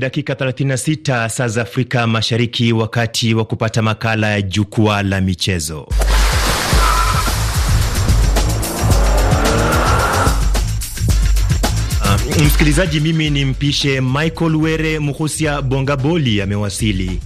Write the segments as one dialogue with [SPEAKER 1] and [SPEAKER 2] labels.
[SPEAKER 1] Dakika 36 saa za Afrika Mashariki, wakati wa kupata makala ya jukwaa la michezo. Msikilizaji, mimi ni mpishe Michael Were Muhusia Bongaboli amewasili.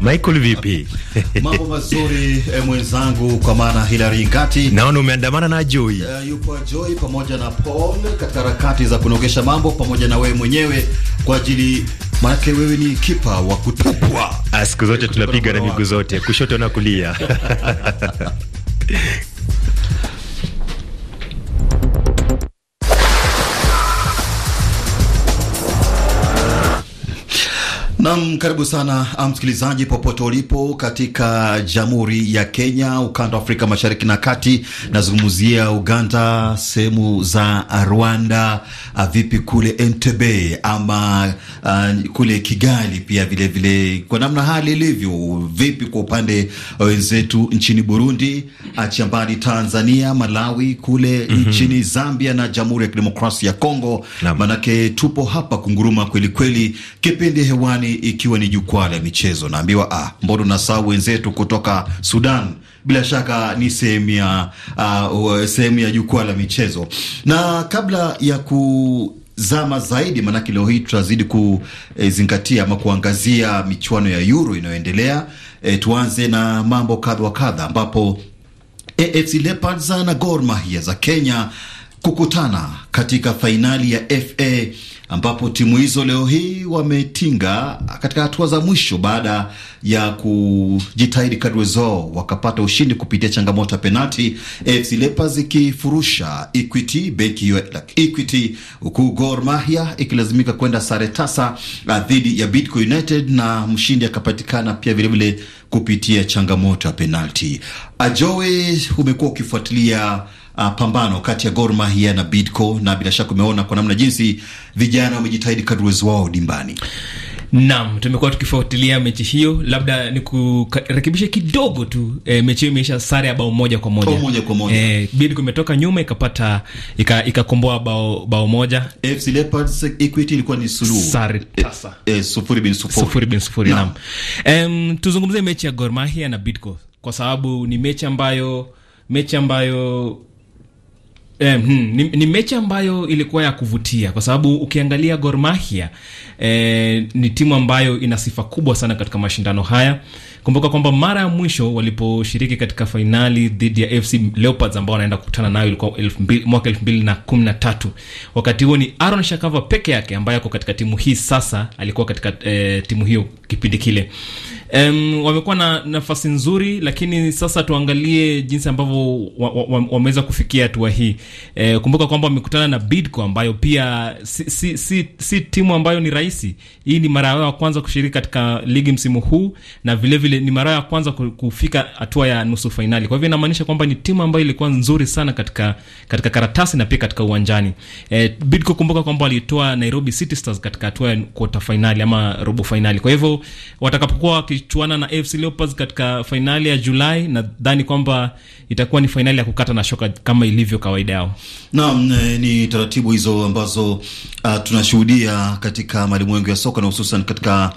[SPEAKER 1] Michael, vipi? Mambo mazuri
[SPEAKER 2] eh, mwenzangu, kwa maana Hilary Ngati, naona umeandamana na Joy. Uh, eh, yupo Joy pamoja na Paul katika harakati za kunogesha mambo pamoja na wewe mwenyewe kwa ajili Manake wewe ni kipa wa kutupwa.
[SPEAKER 1] Ah, siku zote tunapiga na miguu zote, kushoto na kulia
[SPEAKER 2] Nam, karibu sana ah, msikilizaji, popote ulipo katika Jamhuri ya Kenya, ukanda wa Afrika Mashariki na Kati. Nazungumzia Uganda, sehemu za Rwanda, ah, vipi kule Entebbe ama uh, kule Kigali pia vilevile vile, kwa namna hali ilivyo vipi kwa upande wenzetu nchini Burundi, achambali Tanzania, Malawi kule mm -hmm. nchini Zambia na Jamhuri ya Kidemokrasia ya Kongo. Manake tupo hapa kunguruma kwelikweli, kipindi hewani ikiwa ni jukwaa la michezo. Naambiwa ah, mbona unasahau wenzetu kutoka Sudan? Bila shaka ni sehemu ya uh, uh sehemu ya jukwaa la michezo, na kabla ya ku zama zaidi maanake, leo hii tutazidi kuzingatia ama kuangazia michuano ya Euro inayoendelea. E, tuanze na mambo kadha wa kadha ambapo AFC Leopards na Gor Mahia za Kenya kukutana katika fainali ya FA ambapo timu hizo leo hii wametinga katika hatua za mwisho baada ya kujitahidi kadri zao wakapata ushindi kupitia changamoto ya penati, AFC Leopards ikifurusha Equity benki like Equity, huku Gor Mahia ikilazimika kwenda sare tasa ah, dhidi ya Bidco United na mshindi akapatikana pia vilevile kupitia changamoto ya penalti. Ajowe, umekuwa ukifuatilia uh, pambano kati ya Gor Mahia na Bidco, na bila shaka umeona kwa namna jinsi vijana wamejitahidi kadri uwezo wao dimbani.
[SPEAKER 3] Naam, tumekuwa tukifuatilia mechi hiyo. Labda ni kurekebisha kidogo tu e, mechi hiyo imeisha sare ya bao moja kwa moja, moja kwa moja. E, Bidco imetoka nyuma ikapata ikakomboa bao, bao moja.
[SPEAKER 2] FC Leopards Equity ilikuwa ni suluhu sare eh, tasa e, e, sufuri bin sufuri, sufuri bin sufuri. Naam,
[SPEAKER 3] em, tuzungumzie mechi ya Gor Mahia na Bidco kwa sababu ni mechi ambayo mechi ambayo Eh, hmm, ni, ni mechi ambayo ilikuwa ya kuvutia kwa sababu ukiangalia Gor Mahia eh, ni timu ambayo ina sifa kubwa sana katika mashindano haya Kumbuka kwamba mara ya mwisho waliposhiriki katika fainali dhidi ya FC Leopards ambao wanaenda kukutana nayo ilikuwa mwaka elfu mbili na kumi na tatu. Wakati huo ni Aaron Shakava peke yake ambaye ako katika timu hii sasa, alikuwa katika eh, timu hiyo kipindi kile. Um, wamekuwa na nafasi nzuri, lakini sasa tuangalie jinsi ambavyo wameweza wa, wa kufikia hatua hii. E, kumbuka kwamba wamekutana na Bidco ambayo pia si, si, si, si timu ambayo ni rahisi. Hii ni mara yao ya kwanza kushiriki katika ligi msimu huu na vilevile vile ni, ni mara ya kwanza kufika hatua ya nusu fainali. Kwa hivyo inamaanisha kwamba ni timu ambayo ilikuwa nzuri sana katika, katika karatasi na pia katika uwanjani. E, eh, Bidco kumbuka kwamba walitoa Nairobi City Stars katika hatua ya kota fainali ama robo fainali. Kwa hivyo watakapokuwa wakichuana na AFC Leopards katika fainali ya Julai, nadhani kwamba itakuwa ni fainali ya kukata na shoka kama ilivyo kawaida yao.
[SPEAKER 2] Naam, eh, ni taratibu hizo ambazo uh, tunashuhudia katika malimwengu ya soka na hususan katika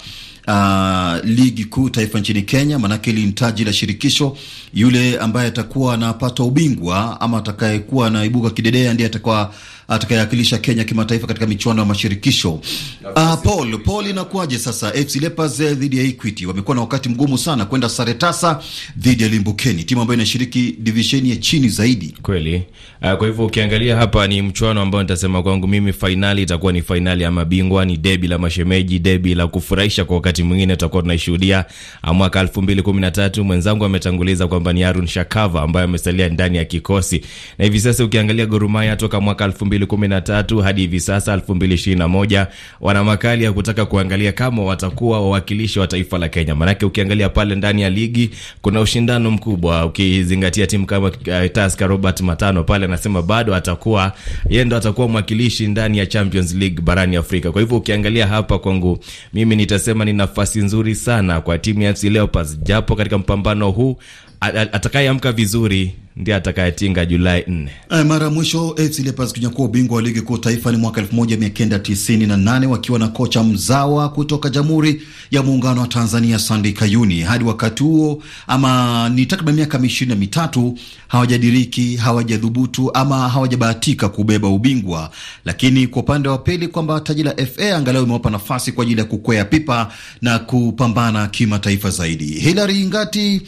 [SPEAKER 2] uh, ligi kuu taifa nchini Kenya, maanake ili ni taji la shirikisho. Yule ambaye atakuwa anapata ubingwa ama atakayekuwa anaibuka kidedea ndiye atakuwa atakayewakilisha Kenya kimataifa katika michuano ya mashirikisho. Uh, Paul, Paul inakuwaje sasa? FC Leopards eh, dhidi ya Equity wamekuwa na wakati mgumu sana kwenda sare tasa dhidi ya
[SPEAKER 4] Limbukeni, timu ambayo inashiriki divisheni ya chini zaidi kweli. Uh, kwa hivyo ukiangalia hapa ni mchuano ambao nitasema kwangu mimi fainali itakuwa ni fainali ya mabingwa, ni debi la mashemeji, debi la kufurahisha kwa wakati mwingine tutakuwa tunaishuhudia. Ah, mwaka elfu mbili kumi na tatu. mwenzangu ametanguliza kwamba ni Arun Shakava ambaye amesalia ndani ya kikosi, na hivi sasa ukiangalia Gor Mahia toka mwaka elfu mbili 2013 hadi hivi sasa 2021, wana makali ya kutaka kuangalia kama watakuwa wawakilishi wa taifa la Kenya. Maanake ukiangalia pale ndani ya ligi kuna ushindano mkubwa, ukizingatia timu kama uh, Tusker. Robert Matano pale anasema bado atakuwa yeye ndo atakuwa mwakilishi ndani ya Champions League barani Afrika. Kwa hivyo ukiangalia hapa kwangu mimi nitasema ni nafasi nzuri sana kwa timu ya FC Leopards, japo katika mpambano huu atakayeamka vizuri ndiye atakayetinga Julai 4.
[SPEAKER 2] Eh, mara ya mwisho AFC Leopards kunyakua ubingwa wa ligi kuu taifa ni mwaka 1998 wakiwa na kocha mzawa kutoka Jamhuri ya Muungano wa Tanzania Sandi Kayuni. Hadi wakati huo, ama ni takriban miaka ishirini na mitatu, hawajadiriki, hawajadhubutu ama hawajabahatika kubeba ubingwa. Lakini kwa upande wa pili, kwamba taji la FA angalau imewapa nafasi kwa ajili ya kukwea pipa na kupambana kimataifa zaidi. Hilary Ingati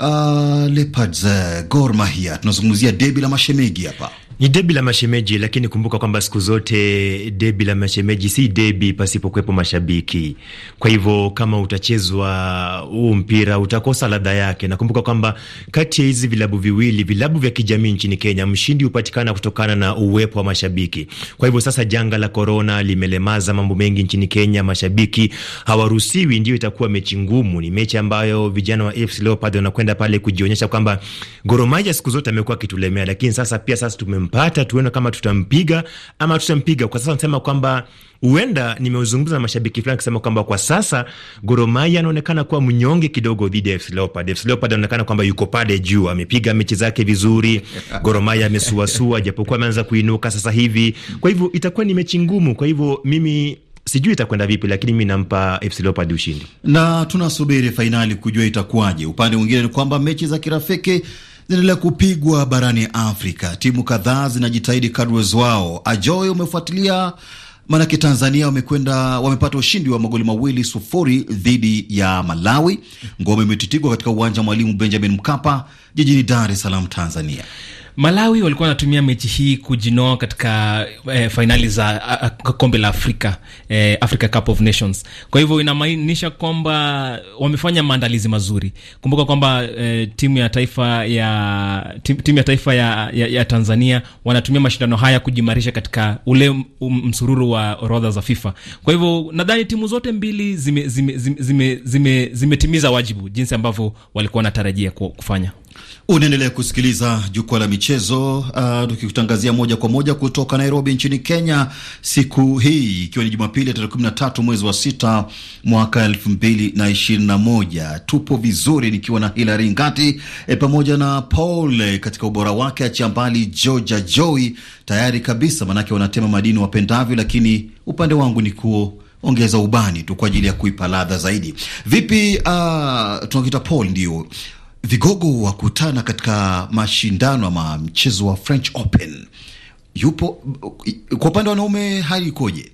[SPEAKER 2] uh, ah, Leopards, uh, Gor Mahia. Tunazungumzia debi la mashemegi hapa. Ni debi
[SPEAKER 1] la mashemeji, lakini kumbuka kwamba siku zote debi la mashemeji si debi pasipokuwepo mashabiki. Kwa hivyo kama utachezwa huu mpira utakosa ladha yake. Nakumbuka kwamba kati ya hizi vilabu viwili, vilabu vya kijamii nchini Kenya, mshindi hupatikana kutokana na uwepo wa mashabiki. Kwa hivyo sasa, janga la korona limelemaza mambo mengi nchini Kenya, mashabiki hawaruhusiwi. Ndio itakuwa mechi ngumu, ni mechi ambayo vijana wa AFC Leopards wanakwenda pale kujionyesha kwamba Gor Mahia siku zote amekuwa akitulemea, lakini sasa pia sasa tumem tutampata, tuone kama tutampiga ama tutampiga. Kwa sasa nasema kwamba huenda nimeuzungumza na mashabiki fulani akisema kwamba kwa sasa Gor Mahia anaonekana kuwa mnyonge kidogo dhidi ya FC Leopard. FC Leopard anaonekana kwamba yuko pale juu, amepiga mechi zake vizuri. Gor Mahia amesuasua, japokuwa ameanza kuinuka sasa hivi. Kwa hivyo itakuwa ni mechi ngumu. Kwa hivyo mimi sijui itakwenda vipi, lakini
[SPEAKER 2] mi nampa FC Leopard ushindi na tunasubiri fainali kujua itakuwaje. Upande mwingine ni kwamba mechi za kirafiki zinaendelea kupigwa barani Afrika. Timu kadhaa zinajitahidi kadri zao. Ajoy, umefuatilia maanake Tanzania wamekwenda wamepata ushindi wa magoli mawili sufuri dhidi ya Malawi. Ngome imetitigwa katika uwanja wa Mwalimu Benjamin Mkapa jijini Dar es Salaam, Tanzania.
[SPEAKER 3] Malawi walikuwa wanatumia mechi hii kujinoa katika eh, fainali za kombe la Afrika, eh, Africa Cup of Nations. Kwa hivyo inamaanisha kwamba wamefanya maandalizi mazuri. Kumbuka kwamba eh, timu ya taifa ya tim, timu ya taifa ya, ya, ya Tanzania wanatumia mashindano haya kujimarisha katika ule msururu wa orodha za FIFA. Kwa hivyo nadhani timu zote mbili zimetimiza zime, zime, zime, zime, zime wajibu jinsi ambavyo walikuwa wanatarajia
[SPEAKER 2] kufanya. Unaendelea kusikiliza jukwaa la michezo uh, tukikutangazia moja kwa moja kutoka Nairobi nchini Kenya, siku hii ikiwa ni Jumapili ya na 13 mwezi wa sita mwaka moja. Tupo vizuri nikiwa na Hilary Ngati e, pamoja na Paul eh, katika ubora wake achia mbali Georgia Joy tayari kabisa, maanake wanatema madini wapendavyo, lakini upande wangu ni kuo ongeza ubani tu kwa ajili ya kuipa ladha zaidi. Vipi uh, tunakita Paul ndio Vigogo wakutana katika mashindano ama mchezo wa French Open.
[SPEAKER 4] Yupo kwa upande wa wanaume hali ikoje?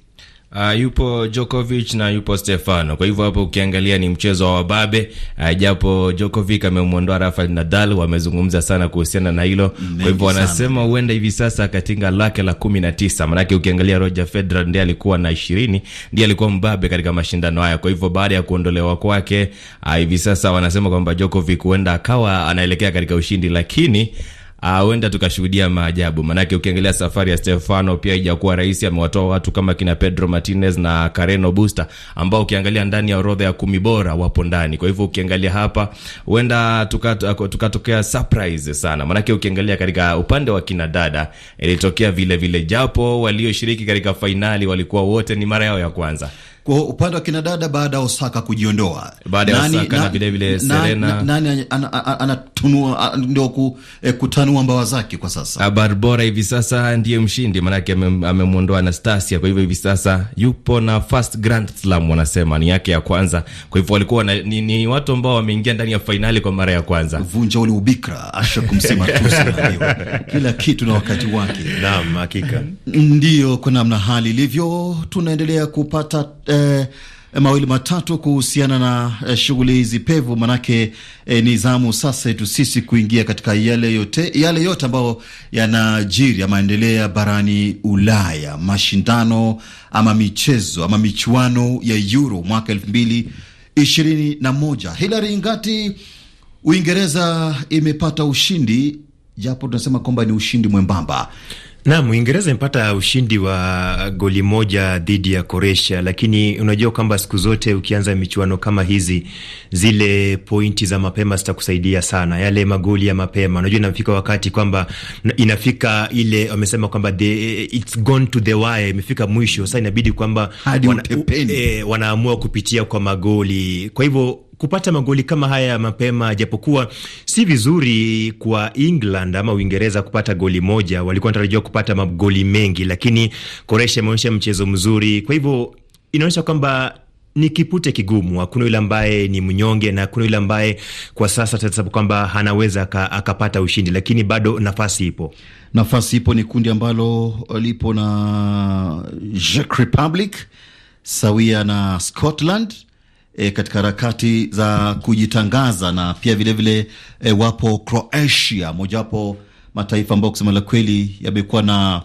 [SPEAKER 4] uh, yupo Djokovic na yupo Stefano. Kwa hivyo hapo ukiangalia ni mchezo wa wababe uh, japo Djokovic amemwondoa Rafael Nadal, wamezungumza sana kuhusiana na hilo. Kwa hivyo wanasema huenda hivi sasa akatinga lake la 19. na maanake ukiangalia Roger Federer ndiye alikuwa na 20, ndiye alikuwa mbabe katika mashindano haya. Kwa hivyo baada ya kuondolewa kwake uh, hivi sasa wanasema kwamba Djokovic huenda akawa anaelekea katika ushindi, lakini Ah, huenda uh, tukashuhudia maajabu, maanake ukiangalia safari ya Stefano pia haijakuwa rahisi. Amewatoa watu kama kina Pedro Martinez na Kareno Busta ambao ukiangalia ndani ya orodha ya kumi bora wapo ndani. Kwa hivyo ukiangalia hapa huenda tukatokea tuka, surprise sana, maanake ukiangalia katika upande wa kina dada ilitokea vilevile japo walioshiriki katika fainali walikuwa wote ni mara yao ya kwanza kwa upande
[SPEAKER 2] wa kinadada baada ya Osaka kujiondoa,
[SPEAKER 4] baada ya Osaka na vile vile Serena,
[SPEAKER 2] nani anatunua ndio ku, eh, kutanua mbawa zake kwa sasa?
[SPEAKER 4] Habari ah, bora hivi sasa ndiye mshindi, maanake amemwondoa Anastasia, kwa hivyo hivi sasa yupo na first grand slam, wanasema ni yake ya kwanza. Kwa hivyo walikuwa ni, ni watu ambao wameingia ndani ya fainali kwa mara ya kwanza. Vunja ule ubikra, asha kumsema
[SPEAKER 2] kila kitu na wakati wake. Naam, hakika kwa namna hali ilivyo, tunaendelea kupata eh, eh, mawili matatu kuhusiana na eh, shughuli hizi pevu, manake eh, ni zamu sasa yetu sisi kuingia katika yale yote yale yote ambayo yanajiri ya maendelea barani Ulaya, mashindano ama michezo ama michuano ya Euro mwaka elfu mbili ishirini na moja. Hilary Ngati, Uingereza imepata ushindi japo tunasema kwamba ni ushindi mwembamba Naam,
[SPEAKER 1] Uingereza imepata ushindi wa goli moja dhidi ya Koresha, lakini unajua kwamba siku zote ukianza michuano kama hizi, zile pointi za mapema zitakusaidia sana, yale magoli ya mapema. Unajua inafika wakati kwamba inafika ile wamesema kwamba the, it's gone to the wire, imefika mwisho. Sasa inabidi kwamba wana, e, wanaamua kupitia kwa magoli, kwa hivyo kupata magoli kama haya mapema, japokuwa si vizuri kwa England ama Uingereza kupata goli moja. Walikuwa wanatarajiwa kupata magoli mengi, lakini Koresha imeonyesha mchezo mzuri, kwa hivyo inaonyesha kwamba ni kipute kigumu. Hakuna yule ambaye ni mnyonge na hakuna yule ambaye kwa sasa tunasema
[SPEAKER 2] kwamba anaweza akapata ushindi, lakini bado nafasi ipo. Nafasi ipo, ni kundi ambalo lipo na Czech Republic sawia na Scotland e, katika harakati za kujitangaza na pia vilevile vile, e, wapo Croatia, mojawapo mataifa ambayo kusema la kweli yamekuwa na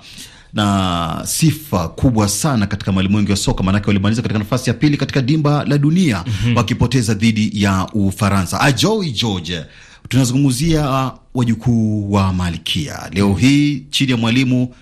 [SPEAKER 2] na sifa kubwa sana katika mwalimu wengi ya soka, maanake walimaliza katika nafasi ya pili katika dimba la dunia mm -hmm. wakipoteza dhidi ya Ufaransa. Ajoi George, tunazungumzia wajukuu wa malkia leo mhm. hii chini ya mwalimu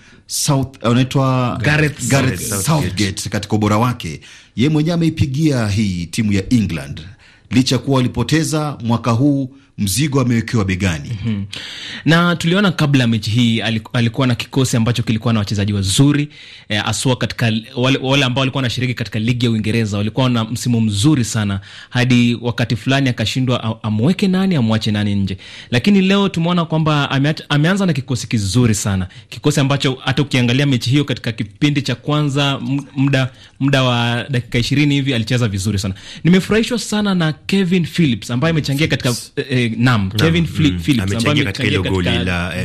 [SPEAKER 2] anaitwa Gareth Southgate katika ubora wake yeye mwenyewe ameipigia hii timu ya England licha kuwa walipoteza mwaka huu mzigo amewekewa
[SPEAKER 3] begani. mm -hmm. Na tuliona kabla ya mechi hii alikuwa na kikosi ambacho kilikuwa na wachezaji wazuri eh, aswa katika wale, wale ambao walikuwa wanashiriki katika ligi ya Uingereza walikuwa na msimu mzuri sana, hadi wakati fulani akashindwa amweke nani amwache nani nje, lakini leo tumeona kwamba ameanza na kikosi kizuri sana, kikosi ambacho hata ukiangalia mechi hiyo katika kipindi cha kwanza muda muda wa dakika ishirini hivi alicheza vizuri sana. Nimefurahishwa sana na Kevin Phillips ambaye amechangia katika eh, eh nam Kevin Phillips mm, ambaye amechangia katika eh,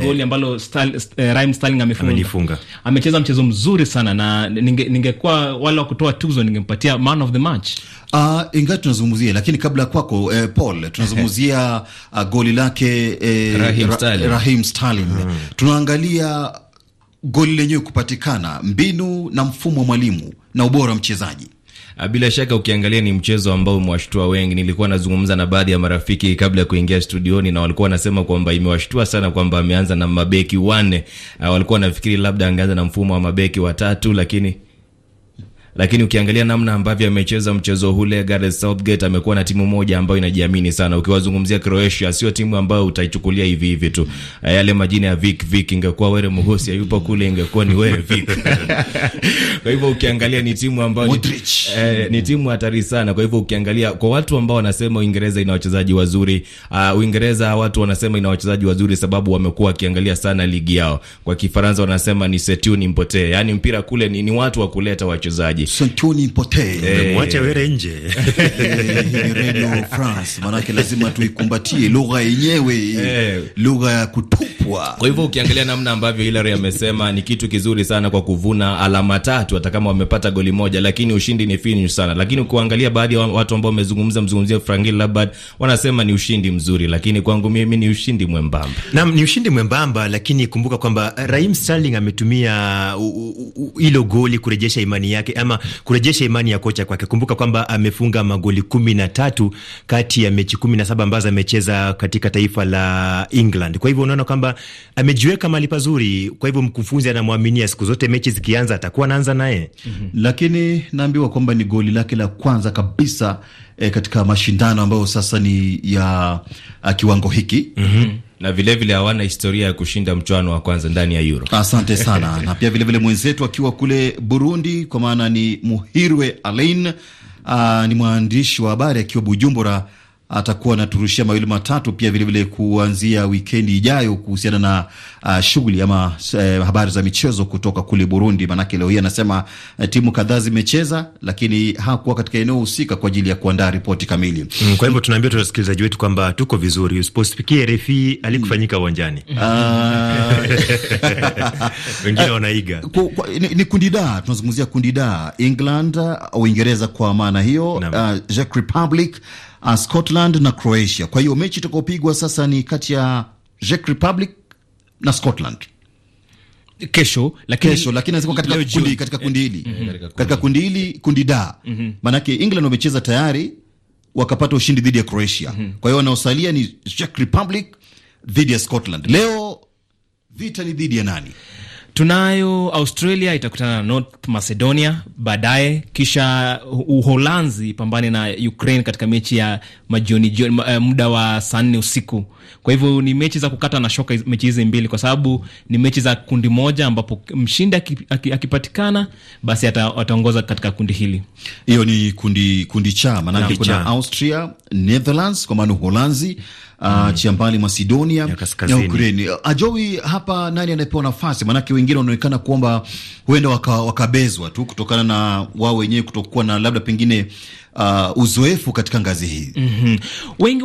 [SPEAKER 3] goli ambalo eh, Raheem Sterling amefunga. Amecheza mchezo mzuri sana na ningekuwa ninge wale wa kutoa tuzo ningempatia man of the match.
[SPEAKER 2] Uh, ingawa tunazungumzia lakini kabla ya kwako eh, Paul tunazungumzia uh, goli lake eh, Raheem Sterling, Raheem Hmm. Tunaangalia goli lenyewe kupatikana, mbinu na mfumo wa mwalimu na ubora wa mchezaji
[SPEAKER 4] Ah, bila shaka ukiangalia ni mchezo ambao umewashtua wengi. Nilikuwa nazungumza na baadhi ya marafiki kabla ya kuingia studioni, na walikuwa wanasema kwamba imewashtua sana kwamba ameanza na mabeki wanne. Ah, walikuwa wanafikiri labda angeanza na mfumo wa mabeki watatu, lakini lakini ukiangalia namna ambavyo amecheza mchezo ule Gareth Southgate amekuwa na timu moja ambayo inajiamini sana. Ukiwazungumzia Croatia, sio timu ambayo utaichukulia hivi hivi tu. Eh, yale majina ya Vic Vic, ingekuwa wewe Muhosi yupo kule, ingekuwa ni wewe Vic. Kwa hivyo ukiangalia ni timu ambayo ni, eh, ni timu hatari sana. Kwa hivyo ukiangalia kwa watu ambao wanasema Uingereza ina wachezaji wazuri, uh, Uingereza watu wanasema ina wachezaji wazuri sababu wamekuwa wakiangalia sana ligi yao. Kwa Kifaransa wanasema ni c'est une importee, yani mpira kule ni, ni watu wa kuleta wachezaji mengi. Santoni eh. mwache were nje eh, Radio France, lazima
[SPEAKER 2] tuikumbatie lugha yenyewe eh. lugha ya
[SPEAKER 4] kutupwa. Kwa hivyo ukiangalia namna ambavyo Hilary amesema ni kitu kizuri sana kwa kuvuna alama tatu, hata kama wamepata goli moja, lakini ushindi ni finyu sana. Lakini ukiangalia baadhi ya watu ambao wamezungumza mzungumzia Frankie Lampard wanasema ni ushindi mzuri, lakini kwangu mimi ni ushindi mwembamba. Naam, ni ushindi mwembamba, lakini kumbuka kwamba Raheem Sterling ametumia
[SPEAKER 1] uh, uh, uh, hilo goli kurejesha imani yake ama ama kurejesha imani ya kocha kwake. Kumbuka kwamba amefunga magoli kumi na tatu kati ya mechi kumi na saba ambazo amecheza katika taifa la England. Kwa hivyo unaona kwamba amejiweka mahali pazuri, kwa hivyo mkufunzi anamwaminia
[SPEAKER 2] siku zote, mechi zikianza atakuwa anaanza naye mm -hmm. Lakini naambiwa kwamba ni goli lake la kwanza kabisa e, katika mashindano ambayo sasa ni ya a, eh, kiwango hiki
[SPEAKER 4] mm -hmm na vilevile hawana historia ya kushinda mchuano wa kwanza ndani ya Euro. Asante
[SPEAKER 2] sana na pia
[SPEAKER 4] vilevile mwenzetu
[SPEAKER 2] akiwa kule Burundi, kwa maana ni Muhirwe Alain, uh, ni mwandishi wa habari akiwa Bujumbura atakuwa anaturushia mawili matatu pia vilevile vile kuanzia wikendi ijayo kuhusiana na uh, shughuli ama uh, habari za michezo kutoka kule Burundi. Maanake leo hii anasema uh, timu kadhaa zimecheza, lakini hakuwa katika eneo husika kwa ajili ya kuandaa ripoti kamili.
[SPEAKER 1] Mm, kwa hivyo tunaambia tu wasikilizaji wetu kwamba tuko vizuri, usiposipikie
[SPEAKER 2] refi alikufanyika uwanjani. Ah. Wengine wanaiga ni, ni kundi da, tunazungumzia kundi da England, Uingereza kwa maana hiyo uh, Czech Republic uh, Scotland na Croatia. Kwa hiyo mechi itakaopigwa sasa ni kati ya Czech Republic na Scotland kesho lakini, kesho, lakini mhm. katika kundi, katika kundi hili katika kundi hili kundi da mm -hmm. maanake England wamecheza tayari wakapata ushindi dhidi ya Croatia mm -hmm. kwa hiyo wanaosalia ni Czech Republic dhidi ya Scotland. Leo vita ni dhidi ya nani? Tunayo
[SPEAKER 3] Australia itakutana na North Macedonia baadaye, kisha Uholanzi pambane na Ukraine katika mechi ya majioni jioni, eh, muda wa saa nne usiku. Kwa hivyo ni mechi za kukata na shoka mechi hizi mbili, kwa sababu ni mechi za kundi moja ambapo mshindi akipatikana basi ataongoza katika kundi hili. Hiyo ni kundi
[SPEAKER 2] kundi cha maanake, kuna Austria, Netherlands kwa maana Uholanzi uh, ah, mm. cha mbali Macedonia na Ukraine. Ajoi ah, hapa nani anapewa nafasi? Maanake wengine wanaonekana kwamba huenda wakabezwa waka tu kutokana na wao wenyewe kutokuwa na labda pengine uh, uzoefu katika ngazi hii mm -hmm. Wengi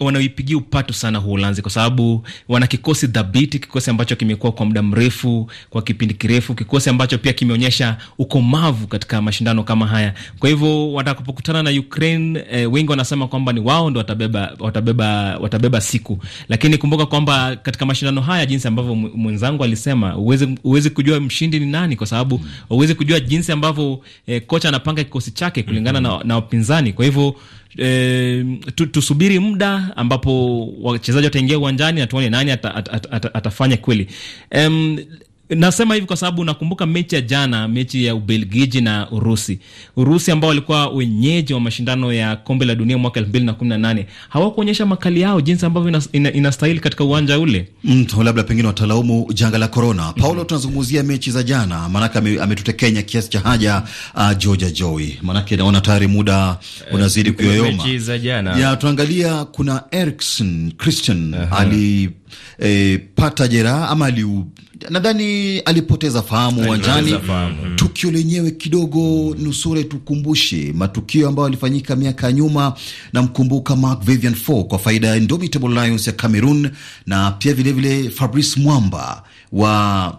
[SPEAKER 2] wanaipigia upato sana
[SPEAKER 3] Uholanzi kwa sababu wana kikosi dhabiti, kikosi ambacho kimekuwa kwa muda mrefu, kwa kipindi kirefu, kikosi ambacho pia kimeonyesha ukomavu katika mashindano kama haya. Kwa hivyo watakapokutana na Ukraine eh, wengi wanasema kwamba ni wao ndo watabeba, watabeba, watabeba siku, lakini kumbuka kwamba katika mashindano haya, jinsi ambavyo mwenzangu alisema, uwezi kujua mshindi ni nani, kwa sababu mm. uwezi kujua jinsi ambavyo eh, kocha anapanga kikosi chake kulingana mm -hmm. na, na wapinzani. Kwa hivyo e, tusubiri muda ambapo wachezaji wataingia uwanjani na tuone nani ata, ata, ata, atafanya kweli. Um, Nasema hivi kwa sababu nakumbuka mechi ya jana, mechi ya Ubelgiji na Urusi. Urusi ambao walikuwa wenyeji wa mashindano ya kombe la dunia mwaka elfu mbili na kumi na nane hawakuonyesha makali yao jinsi ambavyo inastahili
[SPEAKER 2] ina, ina katika uwanja ule mm, labda pengine watalaumu janga la korona. Paulo, mm tunazungumzia mechi za jana, maanake ametutekenya kiasi cha haja uh, Georgia Joy, maanake naona tayari muda eh, unazidi kuyoyoma. Mechi
[SPEAKER 4] za jana ya
[SPEAKER 2] tunaangalia, kuna Erikson Christian uh -huh. ali E, pata jeraha ama nadhani alipoteza fahamu uwanjani.
[SPEAKER 4] Hmm.
[SPEAKER 2] Tukio lenyewe kidogo, hmm. nusure, tukumbushe matukio ambayo yalifanyika miaka ya nyuma. Namkumbuka Marc Vivian Foe kwa faida ya Indomitable Lions ya Cameroon, na pia vilevile vile Fabrice Mwamba wa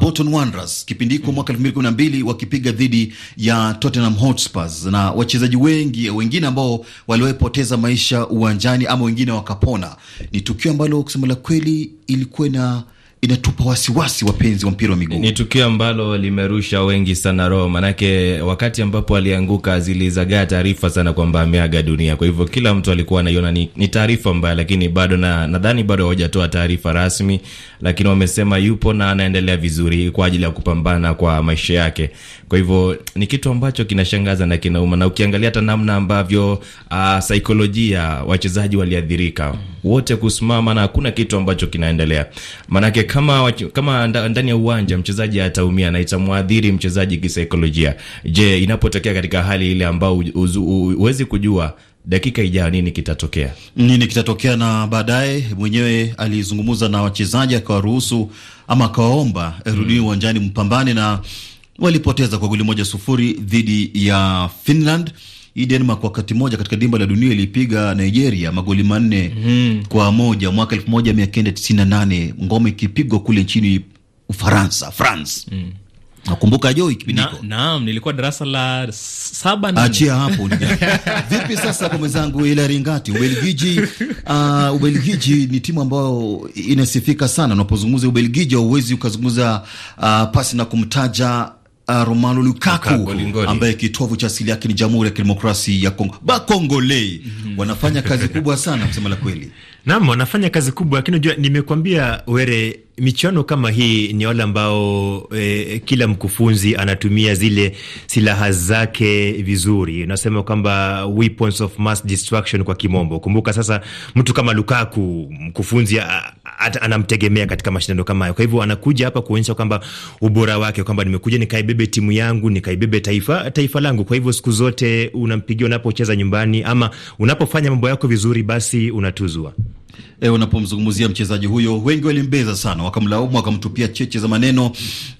[SPEAKER 2] Bolton Wanderers kipindi hiko hmm. mwaka kumi na mbili wakipiga dhidi ya Tottenham Hotspurs, na wachezaji wengi wengine ambao waliwapoteza maisha uwanjani ama wengine wakapona. Ni tukio ambalo kusema la kweli ilikuwa na inatupa wasiwasi, wapenzi wa mpira wa miguu.
[SPEAKER 4] Ni tukio ambalo limerusha wengi sana roho, manake wakati ambapo alianguka zilizagaa taarifa sana kwamba ameaga dunia. Kwa hivyo kila mtu alikuwa anaiona ni, ni taarifa mbaya, lakini bado na nadhani bado hawajatoa taarifa rasmi, lakini wamesema yupo na anaendelea vizuri kwa ajili ya kupambana kwa maisha yake. Kwa hivyo ni kitu ambacho kinashangaza na kinauma, na ukiangalia hata namna ambavyo uh, saikolojia wachezaji waliathirika wote kusimama, na hakuna kitu ambacho kinaendelea manake kama, kama ndani ya uwanja mchezaji ataumia na itamwadhiri mchezaji kisaikolojia. Je, inapotokea katika hali ile ambao huwezi kujua dakika ijayo nini kitatokea,
[SPEAKER 2] nini kitatokea. Na baadaye mwenyewe alizungumza na wachezaji akawaruhusu ama akawaomba rudini mm, uwanjani mpambane, na walipoteza kwa goli moja sufuri dhidi ya Finland hii Denmark wakati mmoja katika dimba la dunia ilipiga Nigeria magoli manne mm. kwa moja mwaka nane ngoma ikipigwa kule nchini Ufaransa, France mm. Nakumbuka jo kipindi
[SPEAKER 3] hicho. Naam, nilikuwa darasa la saba na achia hapo.
[SPEAKER 2] Vipi sasa kwa mwenzangu ila ringati Ubelgiji, uh, Ubelgiji ni timu ambayo inasifika sana. Unapozungumza Ubelgiji hauwezi ukazungumza uh, pasi na kumtaja uh, Romano Lukaku ambaye kitovu cha asili yake ni Jamhuri ya kidemokrasi ya Kongo. bakongolei mm -hmm. wanafanya kazi kubwa sana kusema la kweli. Naam, wanafanya
[SPEAKER 1] kazi kubwa, lakini unajua, nimekuambia were michuano kama hii ni wale ambao eh, kila mkufunzi anatumia zile silaha zake vizuri, unasema kwamba weapons of mass destruction kwa kimombo. Kumbuka sasa, mtu kama Lukaku mkufunzi anamtegemea katika mashindano kama hayo, kwa hivyo anakuja hapa kuonyesha kwamba ubora wake, kwamba nimekuja nikaibebe timu yangu, nikaibebe taifa taifa langu. Kwa hivyo siku zote unampigia unapocheza nyumbani, ama unapofanya mambo yako vizuri, basi unatuzwa. E,
[SPEAKER 2] unapomzungumzia mchezaji huyo wengi walimbeza sana, wakamlaumu wakamtupia cheche za maneno,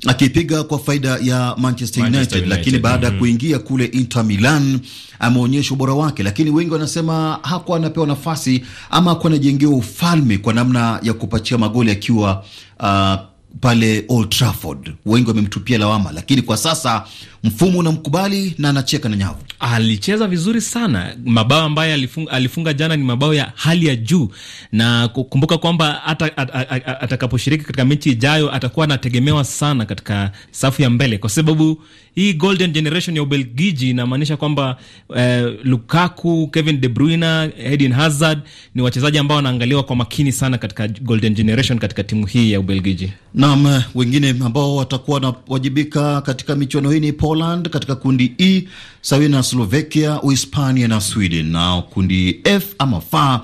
[SPEAKER 2] akipiga kwa faida ya Manchester United, Manchester United. Lakini baada ya mm -hmm. kuingia kule Inter Milan ameonyesha ubora wake, lakini wengi wanasema hakuwa anapewa nafasi ama hakuwa anajengewa ufalme kwa namna ya kupachia magoli akiwa uh, pale Old Trafford. Wengi wamemtupia lawama, lakini kwa sasa mfumo unamkubali na anacheka na nyavu. Alicheza
[SPEAKER 3] vizuri sana. Mabao ambayo alifunga, alifunga jana ni mabao ya hali ya juu, na kumbuka kwamba hata atakaposhiriki katika mechi ijayo atakuwa anategemewa sana katika safu ya mbele, kwa sababu hii golden generation ya Ubelgiji inamaanisha kwamba eh, Lukaku, Kevin De Bruyne, Eden Hazard ni wachezaji ambao wanaangaliwa kwa makini
[SPEAKER 2] sana katika golden generation katika timu hii ya Ubelgiji. Naam, eh, wengine ambao watakuwa wanawajibika katika michuano hii ni Paul Poland katika kundi E sawia na Slovakia, Uhispania na Sweden, na kundi F ama fa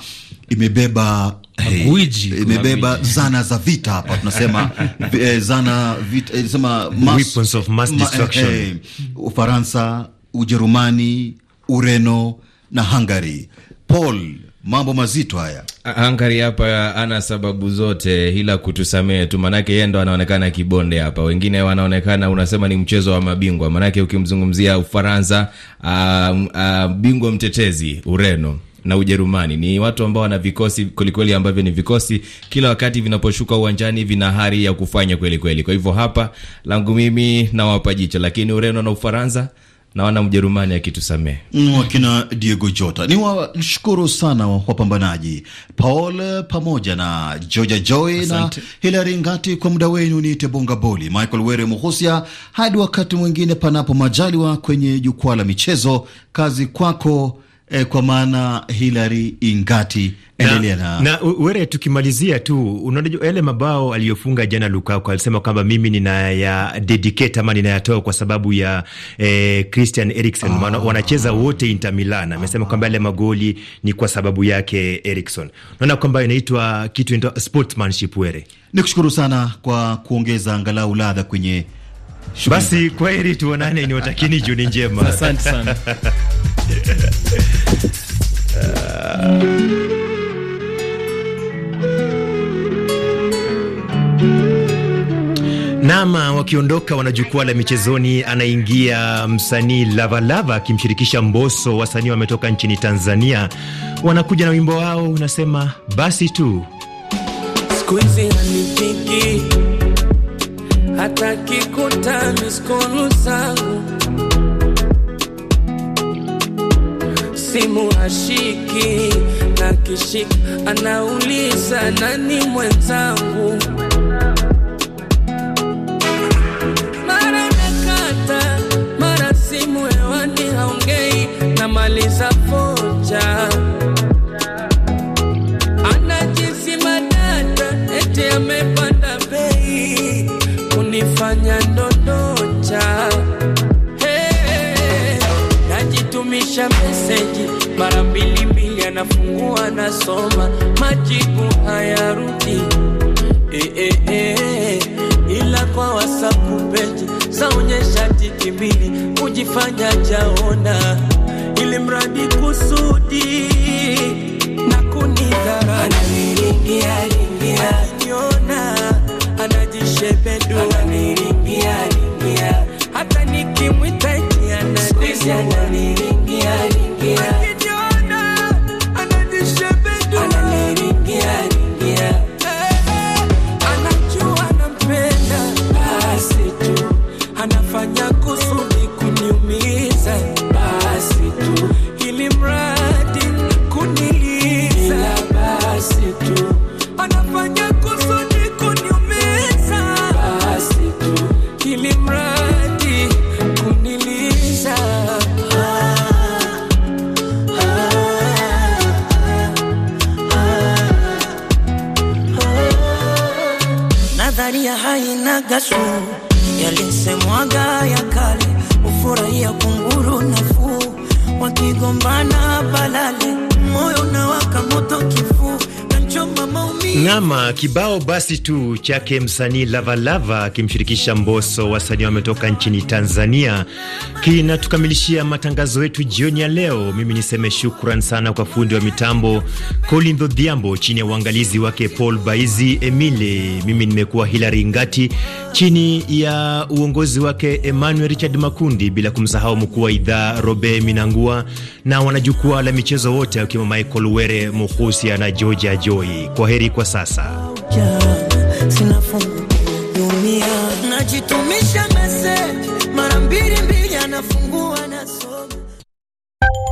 [SPEAKER 2] imebeba Hey, imebeba zana za vita hapa tunasema eh, zana vita eh, mass, weapons of mass eh, destruction ma, hey, Ufaransa, Ujerumani, Ureno na Hungary. Paul Mambo mazito haya,
[SPEAKER 4] Ankari hapa ana sababu zote ila kutusamehe tu, maanake yeye ndo anaonekana kibonde hapa, wengine wanaonekana unasema ni mchezo wa mabingwa, maanake ukimzungumzia Ufaransa, bingwa mtetezi Ureno na Ujerumani ni watu ambao wana vikosi kwelikweli, ambavyo ni vikosi kila wakati vinaposhuka uwanjani vina hari ya kufanya kwelikweli. Kwa hivyo hapa langu mimi nawapa jicho, lakini Ureno na Ufaransa naona Mjerumani akitusamehe.
[SPEAKER 5] Mm,
[SPEAKER 2] wakina Diego Jota ni washukuru sana wapambanaji Paul pamoja na Georgia Joy na Hilary Ngati kwa muda wenu. Niite Bonga Boli Michael Were Muhusia, hadi wakati mwingine, panapo majaliwa kwenye jukwaa la michezo. Kazi kwako eh, kwa maana Hilary Ingati endelea na, na were
[SPEAKER 1] tukimalizia tu, unaona yale mabao aliyofunga jana Lukaku alisema kwamba mimi ninaya dedicate ama ninayatoa kwa sababu ya eh, Christian Eriksen ah, wanacheza wote Inter Milan. Amesema ah, kwamba yale magoli ni kwa sababu yake Eriksen. Unaona kwamba inaitwa
[SPEAKER 2] kitu inaitwa sportsmanship. Were ni kushukuru sana kwa kuongeza angalau ladha kwenye Shumika. Basi kwaheri, tuonane, niwatakini jioni njema. Asante sana.
[SPEAKER 1] Nama wakiondoka wanajukwaa la michezoni, anaingia msanii Lavalava akimshirikisha mboso Wasanii wametoka nchini Tanzania, wanakuja na wimbo wao unasema basi tu
[SPEAKER 5] siku hizi hanipiki hata kikuta miskolu zangu simu ashiki na kishika, anauliza nani mwenzangu namaliza foja, anajizima data eti amepanda bei kunifanya ndondocha. najitumisha meseji mara mbili mbili, anafungua nasoma, majibu hayarudi e, eh, e, eh, e, eh, ila kwa wasapu peji zaonyesha tiki kujifanya jaona ili mradi kusudi na kunidhara. Ananiringia ringia, niona anajishebedua, ananiringia ringia, hata nikimwita eti ananiringia balale, moyo na waka moto, kifua nanchoma
[SPEAKER 1] Nama kibao basi tu chake msanii Lavalava akimshirikisha mboso wasanii wametoka nchini Tanzania, kinatukamilishia matangazo yetu jioni ya leo. Mimi niseme shukran sana kwa fundi wa mitambo Colin Dhodhiambo chini ya uangalizi wake Paul Baizi Emile. Mimi nimekuwa Hilary Ngati, chini ya uongozi wake Emmanuel Richard Makundi, bila kumsahau mkuu wa idhaa Robe Minangua na wanajukwaa la michezo wote akiwemo Michael Were Mukusia na Georgia Joy. Kwa heri kwa kwa sasa.
[SPEAKER 5] Sinafungu najitumisha message mara mbili mbili anafungua